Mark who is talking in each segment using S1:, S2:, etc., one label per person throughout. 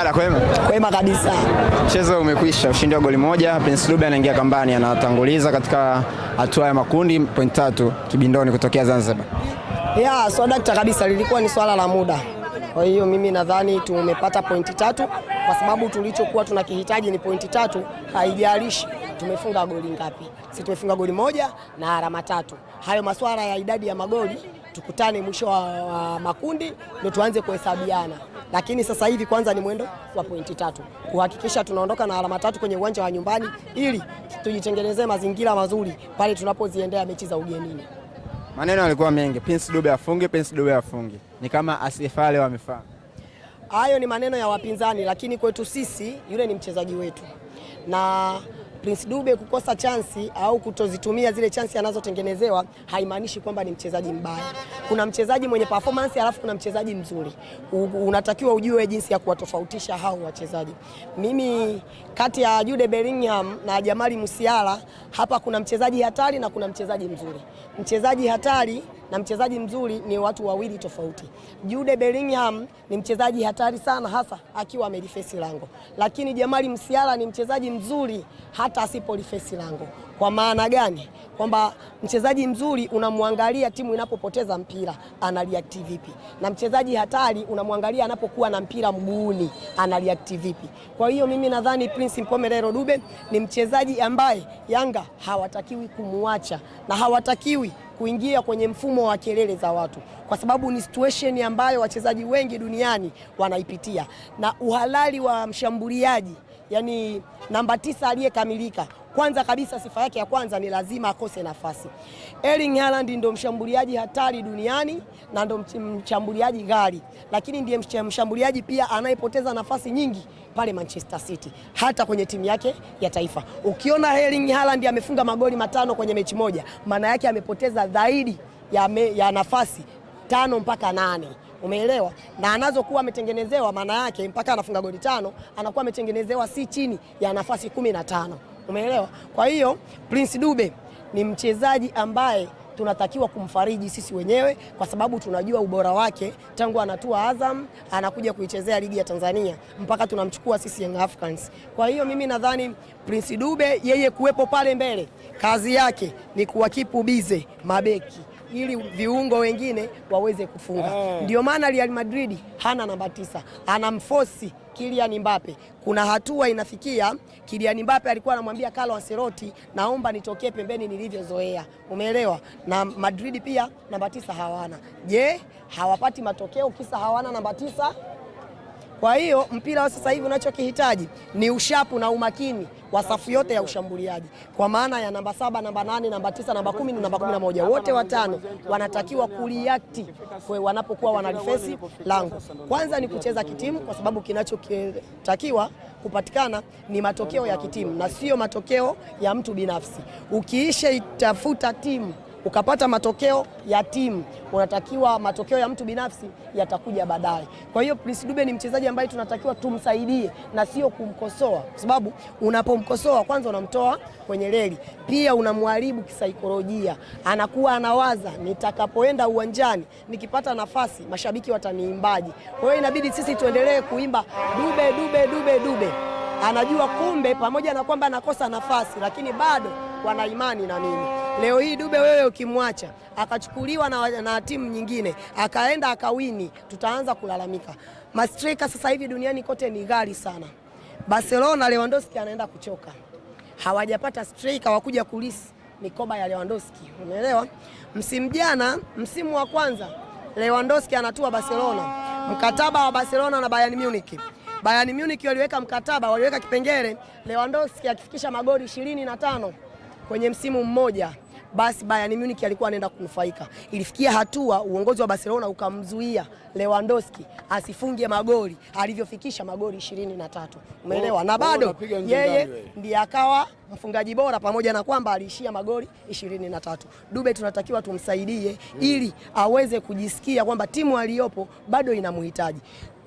S1: Dada kwema?
S2: Kwema kabisa.
S1: Mchezo umekwisha, ushindi wa goli moja. Prince Dube anaingia kambani, anatanguliza katika hatua ya makundi, point tatu kibindoni kutokea Zanzibar.
S2: Yeah, so dakta kabisa, lilikuwa ni swala la muda. Kwa hiyo mimi nadhani tumepata pointi tatu kwa sababu tulichokuwa tunakihitaji ni pointi tatu, haijalishi tumefunga goli ngapi. Sisi tumefunga goli moja na alama tatu. Hayo masuala ya idadi ya magoli tukutane mwisho wa makundi ndio tuanze kuhesabiana lakini sasa hivi kwanza ni mwendo wa pointi tatu kuhakikisha tunaondoka na alama tatu kwenye uwanja wa nyumbani ili tujitengenezee mazingira mazuri pale tunapoziendea mechi za ugenini.
S1: Maneno yalikuwa mengi, Prince Dube afunge, Prince Dube afunge, ni kama asifale wamefaa.
S2: Hayo ni maneno ya wapinzani, lakini kwetu sisi yule ni mchezaji wetu na Prince Dube kukosa chansi au kutozitumia zile chansi anazotengenezewa haimaanishi kwamba ni mchezaji mbaya. Kuna mchezaji mwenye performance alafu kuna mchezaji mzuri. U, unatakiwa ujue jinsi ya kuwatofautisha hao wachezaji. Mimi kati ya Jude Bellingham na Jamali Musiala hapa kuna mchezaji hatari na kuna mchezaji mzuri. Mchezaji hatari na mchezaji mzuri ni watu wawili tofauti. Jude Bellingham ni mchezaji hatari sana, hasa akiwa amelifesi lango, lakini Jamali Msiala ni mchezaji mzuri hata asipolifesi lango. Kwa maana gani? Kwamba mchezaji mzuri unamwangalia timu inapopoteza mpira ana vipi, na mchezaji hatari unamwangalia anapokuwa na mpira mguuni ana vipi. Kwa hiyo mimi nadhani Prince Mpomelelo Dube ni mchezaji ambaye Yanga hawatakiwi kumuacha na hawatakiwi kuingia kwenye mfumo wa kelele za watu, kwa sababu ni situation ambayo wachezaji wengi duniani wanaipitia, na uhalali wa mshambuliaji yani namba tisa aliyekamilika. Kwanza kabisa sifa yake ya kwanza ni lazima akose nafasi. Erling Haaland ndo mshambuliaji hatari duniani na ndo mshambuliaji ghali, lakini ndiye mshambuliaji pia anayepoteza nafasi nyingi pale Manchester City, hata kwenye timu yake ya taifa. Ukiona Erling Haaland amefunga magoli matano kwenye mechi moja, maana yake amepoteza zaidi ya, ya nafasi tano mpaka nane umeelewa? Na anazokuwa ametengenezewa maana yake mpaka anafunga goli tano anakuwa ametengenezewa si chini ya nafasi kumi na tano umeelewa? Kwa hiyo Prince Dube ni mchezaji ambaye tunatakiwa kumfariji sisi wenyewe kwa sababu tunajua ubora wake tangu anatua Azam anakuja kuichezea ligi ya Tanzania mpaka tunamchukua sisi Young Africans. Kwa hiyo mimi nadhani Prince Dube yeye kuwepo pale mbele, kazi yake ni kuwakipu bize mabeki ili viungo wengine waweze kufunga. Ah. Ndio maana Real Madrid hana namba tisa, anamfosi Kylian Mbappe. Kuna hatua inafikia Kylian Mbappe alikuwa anamwambia Carlo Ancelotti, naomba nitokee pembeni nilivyozoea, umeelewa? Na Madrid pia namba tisa hawana. Je, hawapati matokeo kisa hawana namba tisa? Kwa hiyo mpira wa sasa hivi unachokihitaji ni ushapu na umakini wa safu yote ya ushambuliaji, kwa maana ya namba saba, namba nane, namba tisa, namba kumi na namba kumi na moja, wote watano wanatakiwa kuliakti wanapokuwa wanadifesi lango. Kwanza ni kucheza kitimu, kwa sababu kinachotakiwa kupatikana ni matokeo ya kitimu na sio matokeo ya mtu binafsi. Ukiisha itafuta timu ukapata matokeo ya timu, unatakiwa matokeo ya mtu binafsi yatakuja baadaye. Kwa hiyo Prince Dube ni mchezaji ambaye tunatakiwa tumsaidie na sio kumkosoa, kwa sababu unapomkosoa kwanza unamtoa kwenye reli, pia unamharibu kisaikolojia. Anakuwa anawaza nitakapoenda uwanjani nikipata nafasi mashabiki wataniimbaje? Kwa hiyo inabidi sisi tuendelee kuimba Dube, Dube, Dube, Dube. Anajua kumbe, pamoja na kwamba anakosa nafasi, lakini bado wana imani na mimi. Leo hii Dube wewe ukimwacha akachukuliwa na, na timu nyingine akaenda akawini, tutaanza kulalamika. Mastrika sasa hivi duniani kote ni ghali sana. Barcelona Lewandowski anaenda kuchoka, hawajapata striker wakuja kulisi mikoba ya Lewandowski, umeelewa? Msimu jana, msimu wa kwanza Lewandowski anatua Barcelona, mkataba wa Barcelona na Bayern Munich. Bayern Munich waliweka mkataba, waliweka kipengele Lewandowski akifikisha magoli ishirini na tano kwenye msimu mmoja basi Bayern Munich alikuwa anaenda kunufaika. Ilifikia hatua uongozi wa Barcelona ukamzuia Lewandowski asifunge magoli alivyofikisha magoli ishirini na tatu, umeelewa? Oh, na oh, bado yeye ndiye akawa mfungaji bora pamoja na kwamba aliishia magoli ishirini na tatu. Dube tunatakiwa tumsaidie hmm. ili aweze kujisikia kwamba timu aliyopo bado inamhitaji.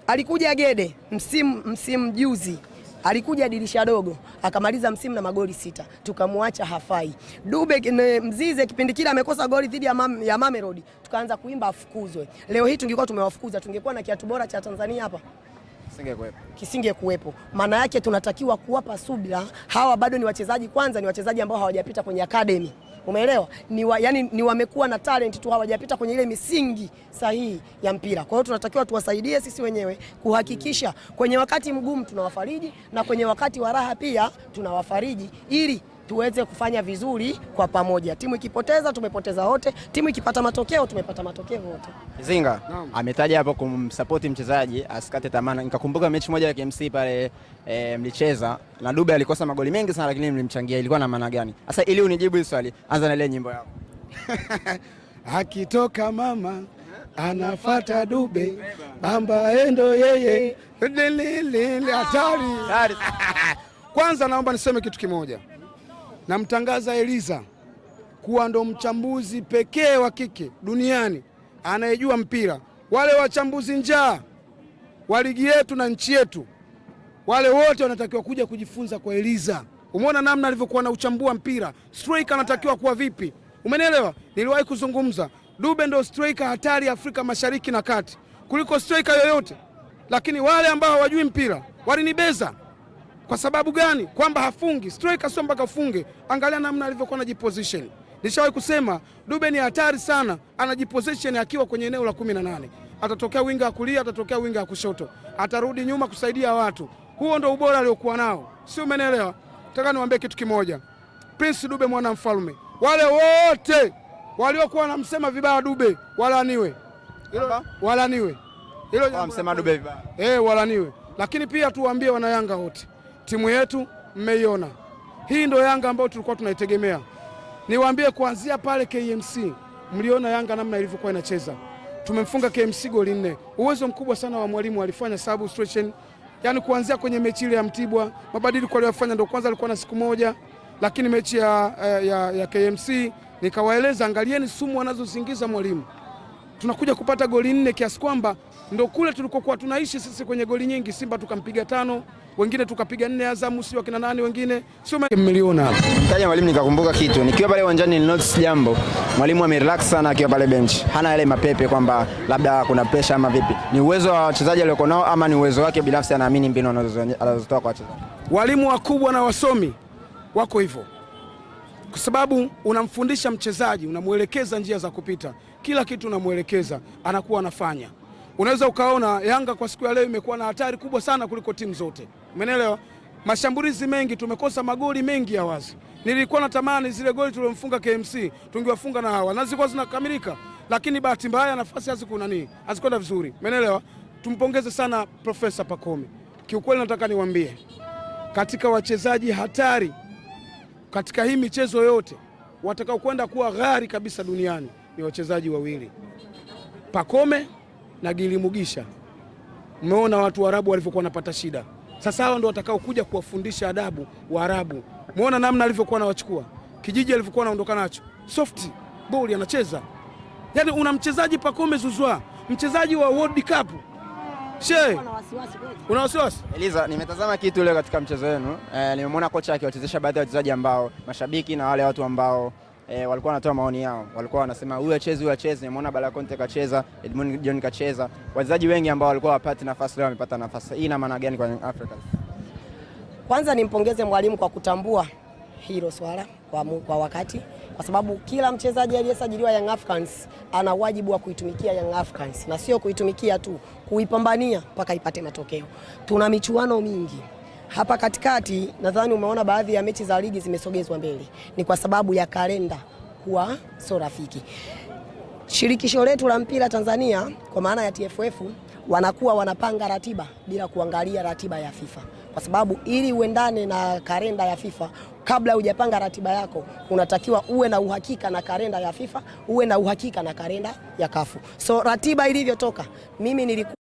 S2: Alikuja Gede msimu msimu juzi Alikuja dirisha dogo akamaliza msimu na magoli sita, tukamwacha hafai. Dube Mzize kipindi kile amekosa goli dhidi ya, mam, ya Mamelodi, tukaanza kuimba afukuzwe. Leo hii tungekuwa tumewafukuza, tungekuwa na kiatu bora cha Tanzania hapa kisinge kuwepo. Maana yake tunatakiwa kuwapa subira hawa, bado ni wachezaji kwanza, ni wachezaji ambao hawajapita kwenye akademi umeelewa? Ni wa, yani, ni wamekuwa na talent tu, hawajapita kwenye ile misingi sahihi ya mpira. Kwa hiyo tunatakiwa tuwasaidie sisi wenyewe kuhakikisha kwenye wakati mgumu tunawafariji na kwenye wakati wa raha pia tunawafariji ili tuweze kufanya vizuri kwa pamoja. Timu ikipoteza tumepoteza wote, timu ikipata matokeo tumepata matokeo wote.
S1: Zinga ametaja hapo kumsapoti mchezaji asikate tamaa. Nikakumbuka mechi moja ya KMC pale e, mlicheza na Dube alikosa magoli mengi sana, lakini mlimchangia. Ilikuwa na maana gani? Sasa ili unijibu hili swali, anza na ile nyimbo yako
S3: akitoka mama anafata Dube bamba endo yeye hatari. Kwanza naomba niseme kitu kimoja namtangaza Eliza kuwa ndo mchambuzi pekee wa kike duniani anayejua mpira. Wale wachambuzi njaa wa ligi yetu na nchi yetu, wale wote wanatakiwa kuja kujifunza kwa Eliza. Umeona namna alivyokuwa na uchambua mpira, striker anatakiwa kuwa vipi? Umenielewa? Niliwahi kuzungumza, Dube ndo striker hatari Afrika Mashariki na Kati kuliko striker yoyote, lakini wale ambao hawajui mpira walinibeza. Kwa sababu gani? Kwamba hafungi striker, sio mpaka funge. Angalia namna alivyokuwa anajiposition. Nishawahi kusema Dube ni hatari sana, anajiposition akiwa kwenye eneo la kumi na nane, atatokea winga ya kulia, atatokea winga ya kushoto, atarudi nyuma kusaidia watu. Huo ndo ubora aliokuwa nao, si umeelewa? Nataka niwaambie kitu kimoja, Prince Dube mwana mfalme, wale wote waliokuwa wanamsema vibaya Dube walaniwe, walaniwe,
S1: hilo msema Dube vibaya
S3: eh, walaniwe. Lakini pia tuwaambie wanayanga wote timu yetu mmeiona. Hii ndo Yanga ambayo tulikuwa tunaitegemea. Niwaambie, kuanzia pale KMC mliona Yanga namna ilivyokuwa inacheza. Tumemfunga KMC goli nne. Uwezo mkubwa sana wa mwalimu, alifanya substitution, yani kuanzia kwenye mechi ile ya Mtibwa, mabadiliko aliyofanya ndo kwanza alikuwa na siku moja, lakini mechi ya, eh, ya, ya KMC nikawaeleza, angalieni sumu wanazozingiza mwalimu. Tunakuja kupata goli nne kiasi kwamba ndo kule tulikokuwa tunaishi sisi kwenye goli nyingi. Simba tukampiga tano, wengine tukapiga nne, Azamu si wakina nani wengine sio mmeliona hapo.
S4: Taja mwalimu, nikakumbuka kitu nikiwa pale uwanjani, ni nilinotice jambo, mwalimu amerelax sana akiwa pale bench, hana yale mapepe kwamba labda kuna pressure ama vipi. Ni uwezo wa wachezaji aliokuwa nao ama ni uwezo wake binafsi, anaamini mbinu anazotoa kwa wachezaji.
S3: Walimu wakubwa na wasomi wako hivyo, kwa sababu unamfundisha mchezaji, unamwelekeza njia za kupita, kila kitu unamwelekeza, anakuwa anafanya unaweza ukaona Yanga kwa siku ya leo imekuwa na hatari kubwa sana kuliko timu zote, umeelewa? Mashambulizi mengi, tumekosa magoli mengi ya wazi. Nilikuwa natamani zile goli tuliomfunga KMC tungewafunga na hawa na zilikuwa zinakamilika, lakini bahati mbaya nafasi nini, hazikwenda vizuri, umeelewa? Tumpongeze sana Profesa Pakome, kiukweli nataka niwaambie katika wachezaji hatari katika hii michezo yote watakaokwenda kuwa ghali kabisa duniani ni wachezaji wawili Pakome na Gili Mugisha. Umeona watu Waarabu walivyokuwa wanapata shida. Sasa hawa ndio watakao kuja kuwafundisha adabu Waarabu. Umeona namna alivyokuwa anawachukua kijiji alivyokuwa anaondoka nacho, soft ball anacheza. Yaani una mchezaji Pacome Zuzwa, mchezaji wa World Cup. She, una wasiwasi?
S1: Eliza, nimetazama kitu leo katika mchezo wenu. Eh, nimemwona kocha akiwachezesha baadhi ya wachezaji ambao mashabiki na wale watu ambao E, walikuwa wanatoa maoni yao, walikuwa wanasema huyu acheze, huyu acheze. Nimeona Bala Conte kacheza, Edmund John kacheza, wachezaji wengi ambao walikuwa wapati nafasi leo wamepata nafasi. Hii ina maana gani kwa Africa?
S2: Kwanza nimpongeze mwalimu kwa kutambua hilo swala kwa, kwa wakati kwa sababu kila mchezaji aliyesajiliwa Young Africans ana wajibu wa kuitumikia Young Africans na sio kuitumikia tu, kuipambania mpaka ipate matokeo. Tuna michuano mingi hapa katikati nadhani umeona baadhi ya mechi za ligi zimesogezwa mbele, ni kwa sababu ya kalenda kuwa sio rafiki. Shirikisho letu la mpira Tanzania kwa maana ya TFF wanakuwa wanapanga ratiba bila kuangalia ratiba ya FIFA kwa sababu ili uendane na kalenda ya FIFA, kabla hujapanga ratiba yako, unatakiwa uwe na uhakika na kalenda ya FIFA, uwe na uhakika na kalenda ya kafu. So ratiba ilivyotoka, mimi nilikuwa